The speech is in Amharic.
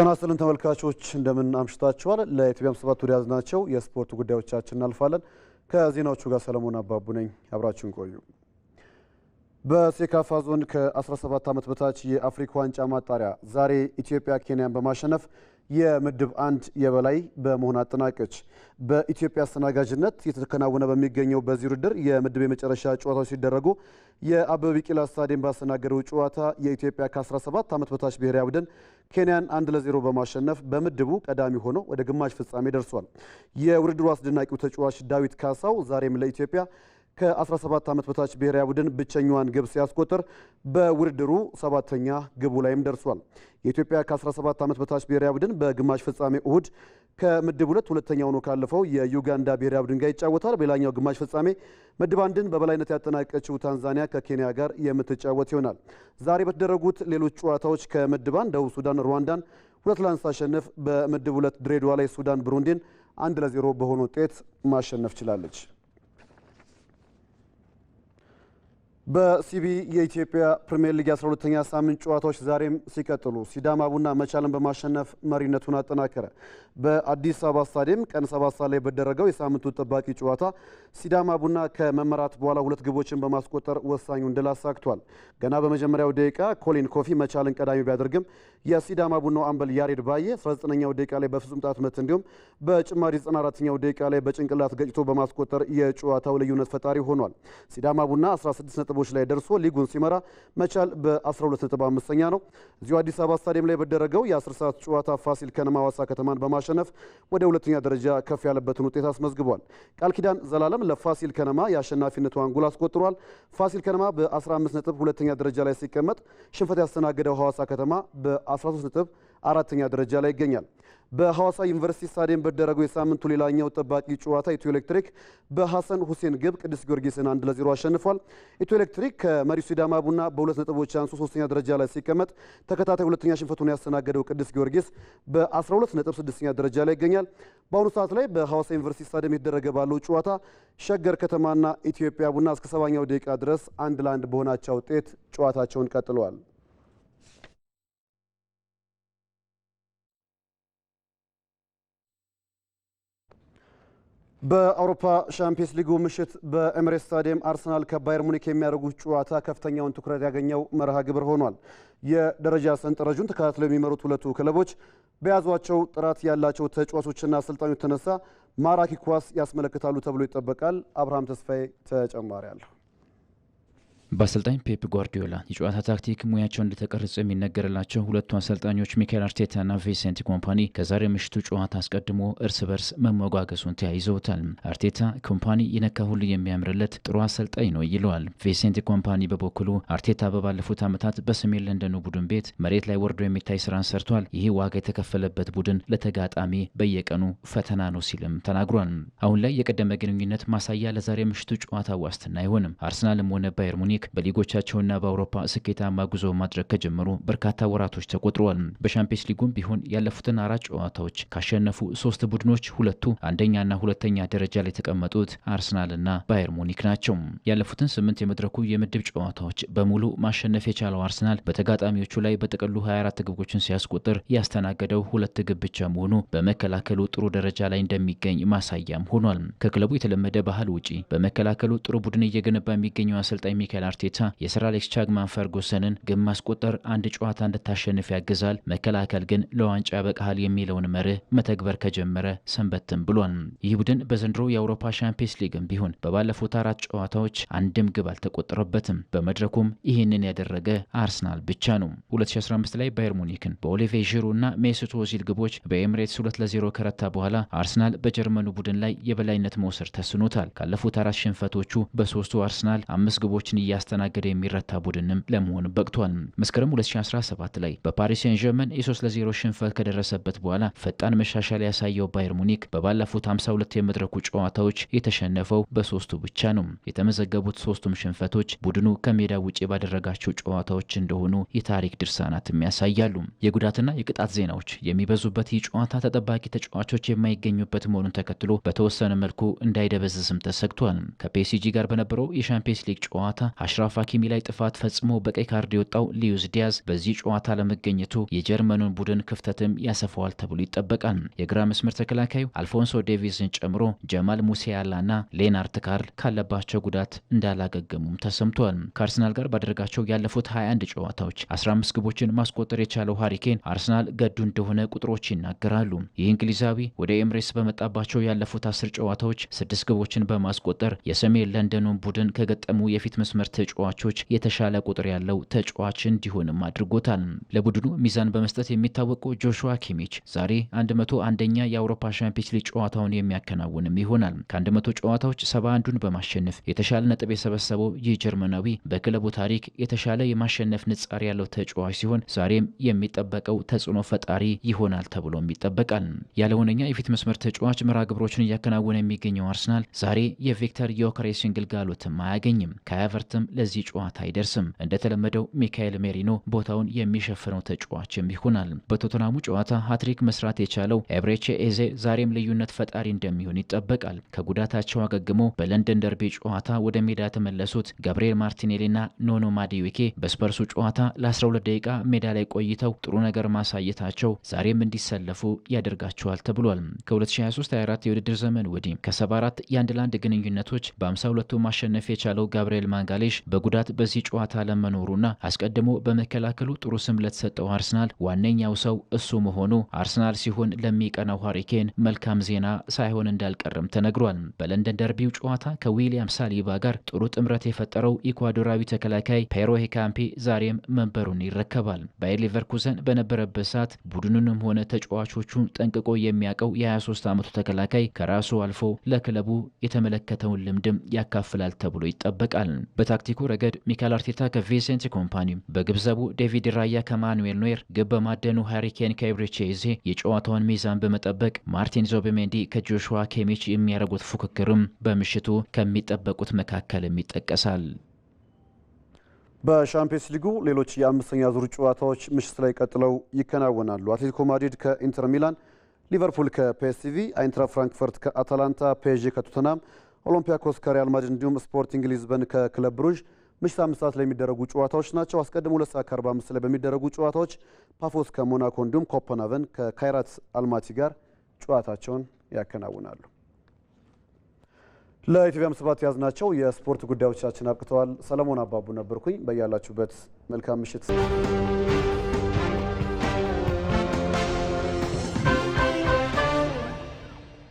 ጤና ይስጥልን ተመልካቾች እንደምን አምሽታችኋል። ለኢትዮጵያም ስፖርት ወደ ያዝናቸው የስፖርት ጉዳዮቻችን እናልፋለን። ከዜናዎቹ ጋር ሰለሞን አባቡ ነኝ፣ አብራችሁን ቆዩ። በሴካፋ ዞን ከ17 ዓመት በታች የአፍሪካ ዋንጫ ማጣሪያ ዛሬ ኢትዮጵያ ኬንያን በማሸነፍ የምድብ አንድ የበላይ በመሆን አጠናቀች። በኢትዮጵያ አስተናጋጅነት የተከናወነ በሚገኘው በዚህ ውድድር የምድብ የመጨረሻ ጨዋታዎች ሲደረጉ የአበበ ቢቂላ ስታዲየም ባስተናገደው ጨዋታ የኢትዮጵያ ከ17 ዓመት በታች ብሔራዊ ቡድን ኬንያን አንድ ለዜሮ በማሸነፍ በምድቡ ቀዳሚ ሆኖ ወደ ግማሽ ፍጻሜ ደርሷል። የውድድሩ አስደናቂው ተጫዋች ዳዊት ካሳው ዛሬም ለኢትዮጵያ ከ17 ዓመት በታች ብሔራዊ ቡድን ብቸኛዋን ግብ ሲያስቆጥር በውድድሩ ሰባተኛ ግቡ ላይም ደርሷል። የኢትዮጵያ ከ17 ዓመት በታች ብሔራዊ ቡድን በግማሽ ፍጻሜ እሁድ ከምድብ ሁለት ሁለተኛ ሆኖ ካለፈው የዩጋንዳ ብሔራዊ ቡድን ጋር ይጫወታል። በሌላኛው ግማሽ ፍጻሜ ምድብ አንድን በበላይነት ያጠናቀችው ታንዛኒያ ከኬንያ ጋር የምትጫወት ይሆናል። ዛሬ በተደረጉት ሌሎች ጨዋታዎች ከምድብ አንድ ደቡብ ሱዳን ሩዋንዳን ሁለት ለአንድ ሳሸንፍ በምድብ ሁለት ድሬዳዋ ላይ ሱዳን ብሩንዲን አንድ ለዜሮ በሆነ ውጤት ማሸነፍ ችላለች። በሲቢ የኢትዮጵያ ፕሪምየር ሊግ 12ኛ ሳምንት ጨዋታዎች ዛሬም ሲቀጥሉ ሲዳማ ቡና መቻልን በማሸነፍ መሪነቱን አጠናከረ። በአዲስ አበባ ስታዲየም ቀን ሰባት ሰዓት ላይ በደረገው የሳምንቱ ጠባቂ ጨዋታ ሲዳማ ቡና ከመመራት በኋላ ሁለት ግቦችን በማስቆጠር ወሳኙን ድል አሳክቷል። ገና በመጀመሪያው ደቂቃ ኮሊን ኮፊ መቻልን ቀዳሚ ቢያደርግም የሲዳማ ቡናው አምበል ያሬድ ባዬ 19ኛው ደቂቃ ላይ በፍጹም ቅጣት ምት እንዲሁም በጭማሪ 94ኛው ደቂቃ ላይ በጭንቅላት ገጭቶ በማስቆጠር የጨዋታው ልዩነት ፈጣሪ ሆኗል። ሲዳማ ቡና 16 ነጥቦች ላይ ደርሶ ሊጉን ሲመራ መቻል በ12 ነጥብ አምስተኛ ነው። እዚሁ አዲስ አበባ ስታዲየም ላይ በደረገው የ10 ሰዓት ጨዋታ ፋሲል ከነማ ሐዋሳ ከተማን በማ በማሸነፍ ወደ ሁለተኛ ደረጃ ከፍ ያለበትን ውጤት አስመዝግቧል። ቃል ኪዳን ዘላለም ለፋሲል ከነማ የአሸናፊነቷን ጎል አስቆጥሯል። ፋሲል ከነማ በ15 ነጥብ ሁለተኛ ደረጃ ላይ ሲቀመጥ ሽንፈት ያስተናገደው ሐዋሳ ከተማ በ13 ነጥብ አራተኛ ደረጃ ላይ ይገኛል። በሐዋሳ ዩኒቨርሲቲ ስታዲየም በደረገው የሳምንቱ ሌላኛው ጠባቂ ጨዋታ ኢትዮ ኤሌክትሪክ በሐሰን ሁሴን ግብ ቅዱስ ጊዮርጊስን አንድ ለዜሮ አሸንፏል። ኢትዮ ኤሌክትሪክ ከመሪው ሲዳማ ቡና በሁለት ነጥቦች አንሶ ሶስተኛ ደረጃ ላይ ሲቀመጥ፣ ተከታታይ ሁለተኛ ሽንፈቱን ያስተናገደው ቅዱስ ጊዮርጊስ በ12 ነጥብ ስድስተኛ ደረጃ ላይ ይገኛል። በአሁኑ ሰዓት ላይ በሐዋሳ ዩኒቨርሲቲ ስታዲየም የተደረገ ባለው ጨዋታ ሸገር ከተማና ኢትዮጵያ ቡና እስከ ሰባኛው ደቂቃ ድረስ አንድ ለአንድ በሆናቸው ውጤት ጨዋታቸውን ቀጥለዋል። በአውሮፓ ሻምፒየንስ ሊጉ ምሽት በኤምሬትስ ስታዲየም አርሰናል ከባየር ሙኒክ የሚያደርጉት ጨዋታ ከፍተኛውን ትኩረት ያገኘው መርሃ ግብር ሆኗል። የደረጃ ሰንጠረዡን ተከታትለው የሚመሩት ሁለቱ ክለቦች በያዟቸው ጥራት ያላቸው ተጫዋቾችና አሰልጣኞች የተነሳ ማራኪ ኳስ ያስመለክታሉ ተብሎ ይጠበቃል። አብርሃም ተስፋዬ ተጨማሪ አለሁ በአሰልጣኝ ፔፕ ጓርዲዮላ የጨዋታ ታክቲክ ሙያቸው እንደተቀርጾ የሚነገርላቸው ሁለቱ አሰልጣኞች ሚካኤል አርቴታና ቪንሴንት ኮምፓኒ ከዛሬ ምሽቱ ጨዋታ አስቀድሞ እርስ በርስ መመጓገሱን ተያይዘውታል። አርቴታ ኮምፓኒ የነካ ሁሉ የሚያምርለት ጥሩ አሰልጣኝ ነው ይለዋል። ቪንሴንት ኮምፓኒ በበኩሉ አርቴታ በባለፉት ዓመታት በሰሜን ለንደኑ ቡድን ቤት መሬት ላይ ወርዶ የሚታይ ስራን ሰርቷል። ይህ ዋጋ የተከፈለበት ቡድን ለተጋጣሚ በየቀኑ ፈተና ነው ሲልም ተናግሯል። አሁን ላይ የቀደመ ግንኙነት ማሳያ ለዛሬ ምሽቱ ጨዋታ ዋስትና አይሆንም። አርሰናልም ሆነ ባየር ሙኒክ ኒክ በሊጎቻቸውና በአውሮፓ ስኬታማ ጉዞ ማድረግ ከጀመሩ በርካታ ወራቶች ተቆጥረዋል። በሻምፒየንስ ሊጉም ቢሆን ያለፉትን አራት ጨዋታዎች ካሸነፉ ሶስት ቡድኖች ሁለቱ አንደኛና ሁለተኛ ደረጃ ላይ የተቀመጡት አርሰናልና ባየር ሙኒክ ናቸው። ያለፉትን ስምንት የመድረኩ የምድብ ጨዋታዎች በሙሉ ማሸነፍ የቻለው አርሰናል በተጋጣሚዎቹ ላይ በጥቅሉ 24 ግቦችን ሲያስቆጥር ያስተናገደው ሁለት ግብ ብቻ መሆኑ በመከላከሉ ጥሩ ደረጃ ላይ እንደሚገኝ ማሳያም ሆኗል። ከክለቡ የተለመደ ባህል ውጪ በመከላከሉ ጥሩ ቡድን እየገነባ የሚገኘው አሰልጣኝ ሚካኤል አርቴታ የሰር አሌክስ ቻግማን ፈርጉሰንን ግብ ማስቆጠር አንድ ጨዋታ እንድታሸንፍ ያግዛል፣ መከላከል ግን ለዋንጫ በቃሃል የሚለውን መርህ መተግበር ከጀመረ ሰንበትም ብሏል። ይህ ቡድን በዘንድሮ የአውሮፓ ሻምፒየንስ ሊግም ቢሆን ባለፉት አራት ጨዋታዎች አንድም ግብ አልተቆጠረበትም። በመድረኩም ይህንን ያደረገ አርሰናል ብቻ ነው። 2015 ላይ ባየር ሙኒክን በኦሊቬ ዥሩ እና ሜሱት ኦዚል ግቦች በኤምሬትስ 2 ለ0 ከረታ በኋላ አርሰናል በጀርመኑ ቡድን ላይ የበላይነት መውሰድ ተስኖታል። ካለፉት አራት ሽንፈቶቹ በሶስቱ አርሰናል አምስት ግቦችን እያ እያስተናገደ የሚረታ ቡድንም ለመሆን በቅቷል። መስከረም 2017 ላይ በፓሪስ ሴን ዠርመን የ3 ለ0 ሽንፈት ከደረሰበት በኋላ ፈጣን መሻሻል ያሳየው ባየር ሙኒክ በባለፉት 52 የመድረኩ ጨዋታዎች የተሸነፈው በሶስቱ ብቻ ነው። የተመዘገቡት ሶስቱም ሽንፈቶች ቡድኑ ከሜዳ ውጪ ባደረጋቸው ጨዋታዎች እንደሆኑ የታሪክ ድርሳናትም ያሳያሉ። የጉዳትና የቅጣት ዜናዎች የሚበዙበት ይህ ጨዋታ ተጠባቂ ተጫዋቾች የማይገኙበት መሆኑን ተከትሎ በተወሰነ መልኩ እንዳይደበዝዝም ተሰግቷል። ከፒኤስጂ ጋር በነበረው የሻምፒየንስ ሊግ ጨዋታ አሽራፍ ሐኪሚ ላይ ጥፋት ፈጽሞ በቀይ ካርድ የወጣው ሊዩስ ዲያዝ በዚህ ጨዋታ ለመገኘቱ የጀርመኑን ቡድን ክፍተትም ያሰፋዋል ተብሎ ይጠበቃል። የግራ መስመር ተከላካዩ አልፎንሶ ዴቪስን ጨምሮ ጀማል ሙሴያላና ሌናርት ካርል ካለባቸው ጉዳት እንዳላገገሙም ተሰምቷል። ከአርሰናል ጋር ባደረጋቸው ያለፉት 21 ጨዋታዎች 15 ግቦችን ማስቆጠር የቻለው ሃሪኬን አርሰናል ገዱ እንደሆነ ቁጥሮች ይናገራሉ። ይህ እንግሊዛዊ ወደ ኤምሬስ በመጣባቸው ያለፉት አስር ጨዋታዎች ስድስት ግቦችን በማስቆጠር የሰሜን ለንደኑን ቡድን ከገጠሙ የፊት መስመር ተጫዋቾች የተሻለ ቁጥር ያለው ተጫዋች እንዲሆንም አድርጎታል። ለቡድኑ ሚዛን በመስጠት የሚታወቀው ጆሹዋ ኪሚች ዛሬ 101ኛ የአውሮፓ ሻምፒዮንስ ሊግ ጨዋታውን የሚያከናውንም ይሆናል። ከ100 ጨዋታዎች 71ዱን በማሸነፍ የተሻለ ነጥብ የሰበሰበው ይህ ጀርመናዊ በክለቡ ታሪክ የተሻለ የማሸነፍ ንጻሪ ያለው ተጫዋች ሲሆን ዛሬም የሚጠበቀው ተጽዕኖ ፈጣሪ ይሆናል ተብሎም ይጠበቃል። ያለ ሁነኛ የፊት መስመር ተጫዋች መርሃ ግብሮችን እያከናወነ የሚገኘው አርሰናል ዛሬ የቪክተር ዮከሬስን ግልጋሎትም አያገኝም። ከሀቨርትም ለዚህ ጨዋታ አይደርስም። እንደተለመደው ሚካኤል ሜሪኖ ቦታውን የሚሸፍነው ተጫዋችም ይሆናል። በቶተናሙ ጨዋታ ሀትሪክ መስራት የቻለው ኤብሬቼ ኤዜ ዛሬም ልዩነት ፈጣሪ እንደሚሆን ይጠበቃል። ከጉዳታቸው አገግሞ በለንደን ደርቤ ጨዋታ ወደ ሜዳ የተመለሱት ገብርኤል ማርቲኔሊና ኖኖ ማዲዌኬ በስፐርሱ ጨዋታ ለ12 ደቂቃ ሜዳ ላይ ቆይተው ጥሩ ነገር ማሳየታቸው ዛሬም እንዲሰለፉ ያደርጋቸዋል ተብሏል። ከ2023/24 የውድድር ዘመን ወዲህ ከ74 የአንድ ለአንድ ግንኙነቶች በ52ቱ ማሸነፍ የቻለው ጋብርኤል ማንጋሌሽ በጉዳት በዚህ ጨዋታ ለመኖሩና አስቀድሞ በመከላከሉ ጥሩ ስም ለተሰጠው አርሰናል ዋነኛው ሰው እሱ መሆኑ አርሰናል ሲሆን ለሚቀናው ሃሪኬን መልካም ዜና ሳይሆን እንዳልቀርም ተነግሯል። በለንደን ደርቢው ጨዋታ ከዊሊያም ሳሊባ ጋር ጥሩ ጥምረት የፈጠረው ኢኳዶራዊ ተከላካይ ፔሮ ካምፒ ዛሬም መንበሩን ይረከባል። ባየር ሊቨርኩዘን በነበረበት ሰዓት ቡድኑንም ሆነ ተጫዋቾቹን ጠንቅቆ የሚያውቀው የ23 ዓመቱ ተከላካይ ከራሱ አልፎ ለክለቡ የተመለከተውን ልምድም ያካፍላል ተብሎ ይጠበቃል። በታክቲኩ ረገድ ሚካኤል አርቴታ ከቪንሴንት ኮምፓኒ፣ በግብዘቡ ዴቪድ ራያ ከማኑዌል ኖየር፣ ግብ በማደኑ ሃሪኬን ከኤብሬቼዜ፣ የጨዋታውን ሚዛን በመጠበቅ ማርቲን ዞቤሜንዲ ከጆሹዋ ኬሚች የሚያደርጉት ፉክክርም በምሽቱ ከሚጠበቁት መካከልም ይጠቀሳል። በሻምፒየንስ ሊጉ ሌሎች የአምስተኛ ዙር ጨዋታዎች ምሽት ላይ ቀጥለው ይከናወናሉ። አትሌቲኮ ማድሪድ ከኢንተር ሚላን፣ ሊቨርፑል ከፒኤስቪ፣ አይንትራ ፍራንክፈርት ከአታላንታ፣ ፔዥ ከቶተናም ኦሎምፒያኮስ ከሪያል ማድሪድ እንዲሁም ስፖርቲንግ ሊዝበን ከክለብ ብሩዥ ምሽት አምስት ሰዓት ላይ የሚደረጉ ጨዋታዎች ናቸው። አስቀድሞ ሁለት ሰዓት ከአርባ አምስት ላይ በሚደረጉ ጨዋታዎች ፓፎስ ከሞናኮ እንዲሁም ኮፐንሃገን ከካይራት አልማቲ ጋር ጨዋታቸውን ያከናውናሉ። ለኢትዮጵያ ምስባት ያዝናቸው የስፖርት ጉዳዮቻችን አብቅተዋል። ሰለሞን አባቡ ነበርኩኝ። በያላችሁበት መልካም ምሽት